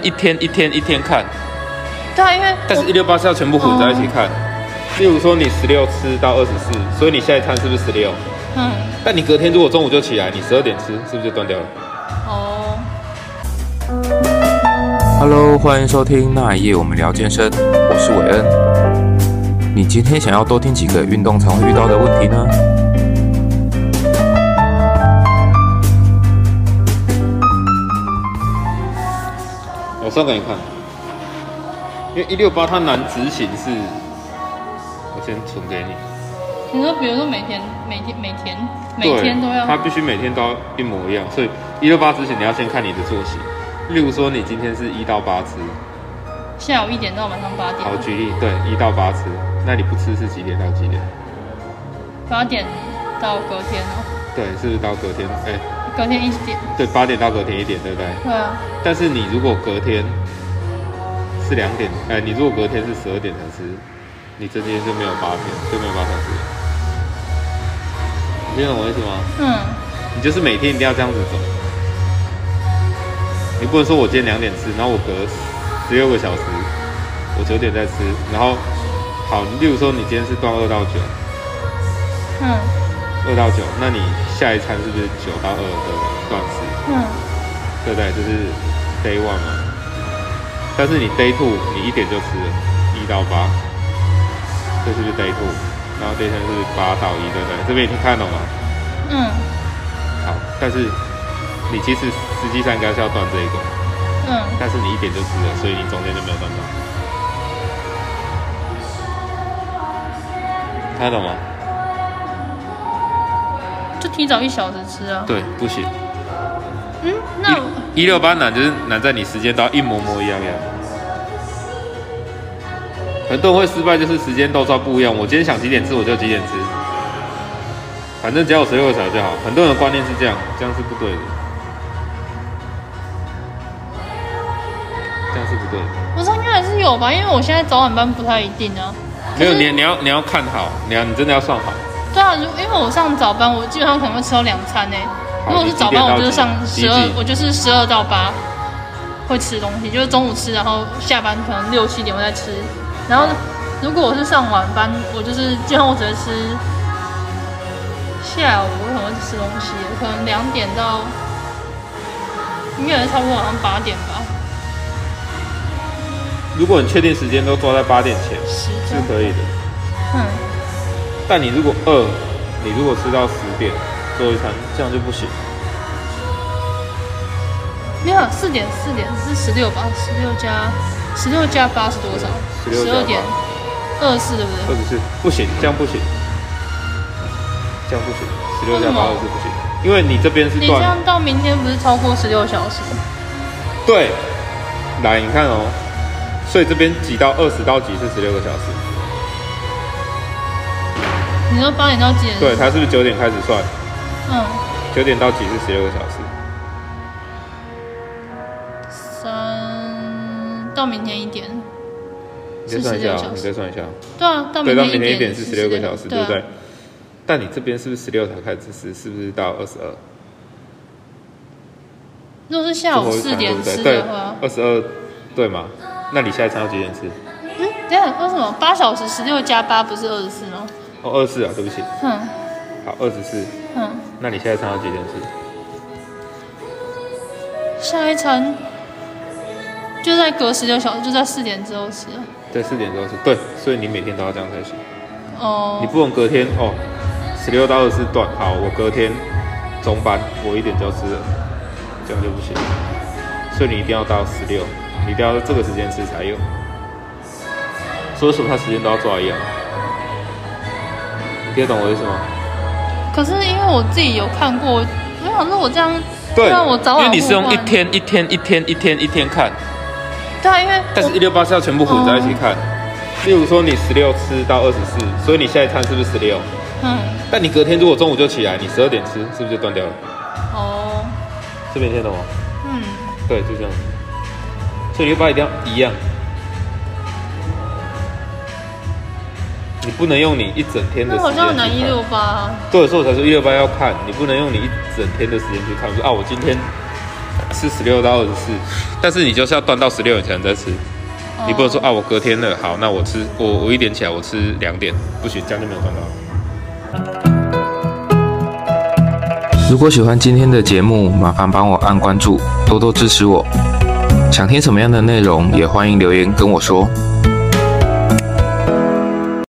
天一天一天一天，一天看，對啊，因為但是一六八是要全部混在一起看。哦、例如說你十六吃到二十四，所以你下一餐是不是十六？嗯。但你隔天如果中午就起來，你十二點吃，是不是就斷掉了？哦。Hello，歡迎收聽那一夜我們聊健身，我是偉恩。你今天想要多聽幾個運動常會遇到的問題呢？我算給你看，因為一六八它難執行，是。我先存給你。你說，比如說每天、每天、每天、每天都要。它必須每天都要一模一樣，所以一六八執行你要先看你的作息。例如說，你今天是一到八吃，下午一點到晚上八點。好，舉例，對，一到八吃，那你不吃是幾點到幾點？八點到隔天。對，是，不是到隔天，哎、欸。隔天一點，對，八點到隔天一點，對不對？對啊。但是你如果隔天是兩點，哎、呃，你如果隔天是十二點才吃，你今天就沒有八天就沒有八小時。你聽懂我意思嗎？嗯。你就是每天一定要這樣子走，你不能說我今天兩點吃，然後我隔十六個小時，我九點再吃，然後好，例如說你今天是斷二到九，嗯，二到九，那你。下一餐是不是九到二的斷食？嗯，對不對？這是 day one 嘛、啊。但是你 day two 你一點就吃了，一到八，這是不是 day two？然後 day three 是八到一，對不對？這邊你看得懂嗎？嗯。好，但是你其實實際上應該是要斷這一個。嗯。但是你一點就吃了，所以你中間就沒有斷到。看懂嗎？提早一小時吃啊？對，不行。嗯，那一，一六八難就是難在你時間都要一模模一樣樣、嗯。很多人會失敗，就是時間都抓不一樣。我今天想幾點吃，我就幾點吃。反正只要我十六個小時就好。很多人的觀念是這樣，這樣是不對的。這樣是不對的。不是，應該還是有吧？因為我現在早晚班不太一定啊。沒有，你你要你要看好，你要你真的要算好。對啊，如因為我上早班，我基本上可能會吃到兩餐呢。如果是早班，我就是上十二，我就是十二到八會吃東西，就是中午吃，然後下班可能六七點我再吃。然後如果我是上晚班，我就是基本上我只會吃下午，我可能會去吃東西，可能兩點到，應該是差不多晚上八點吧。如果你確定時間都抓在八點前，是可以的。但你如果餓，你如果吃到十點做一餐，這樣就不行。沒有四點四點是十六吧？十六加十六加八是多少？十六加八二十四，對不對？二十四不行，這樣不行，嗯、這樣不行，十六加八二十四不行，因為你這邊是你這樣到明天不是超過十六小時？對，來你看哦，所以這邊擠到二十到幾是十六個小時。你說八點到幾點？對，他是不是九點開始算？嗯，九點到幾是十六個小時？三到明天一點。你再算一下，你再算一下。對啊，到明天一點是十六個小時，對個小時對、啊，對不對？但你這邊是不是十六才開始吃？是不是到二十二？如果是下午四點 ,4 點4、啊，對不對？二十二，對嗎？那你現在才到幾點吃？嗯，等下？為什麼八小時十六加八不是二十四呢？哦，二十四啊，對不起。嗯。好，二十四。嗯。那你下一餐要幾點吃？下一餐就在隔十六小時，就在四點之後吃。對，四點之後吃，對，所以你每天都要這樣才行。哦。你不能隔天哦，十六到二十四段，好，我隔天中班我一點就要吃了，這樣就不行。所以你一定要到十六，一定要在這個時間吃才有。所以什麼他時間都要抓一樣。你也懂我意思嗎？可是因為我自己有看過，我好像我這樣，啊，我早晚因為你是用一天一天一天一天一天看，對啊，因為但是一六八是要全部混在一起看，哦、例如說你十六吃到二十四，所以你下一餐是不是十六？嗯，但你隔天如果中午就起來，你十二點吃是不是就斷掉了？哦，這邊聽得懂嗎？嗯，對，就這樣，所以一六八一定要一樣。不能用你一整天的時間。我好像很難一六八。對的，所以我才說一六八要看。你不能用你一整天的時間去看。我說啊，我今天吃十六到二十四，但是你就是要斷到十六以前再吃。哦、你不能說啊，我隔天了，好，那我吃，我我一點起來我吃兩點，不行，這樣就沒有斷到。如果喜歡今天的節目，麻煩幫我按關注，多多支持我。想聽什麼樣的內容，也歡迎留言跟我說。